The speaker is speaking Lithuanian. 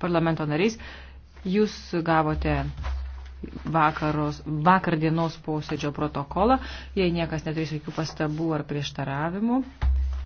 parlamento nariais. Jūs gavote vakaros, vakar dienos posėdžio protokolą, jei niekas neturės jokių pastabų ar prieštaravimų.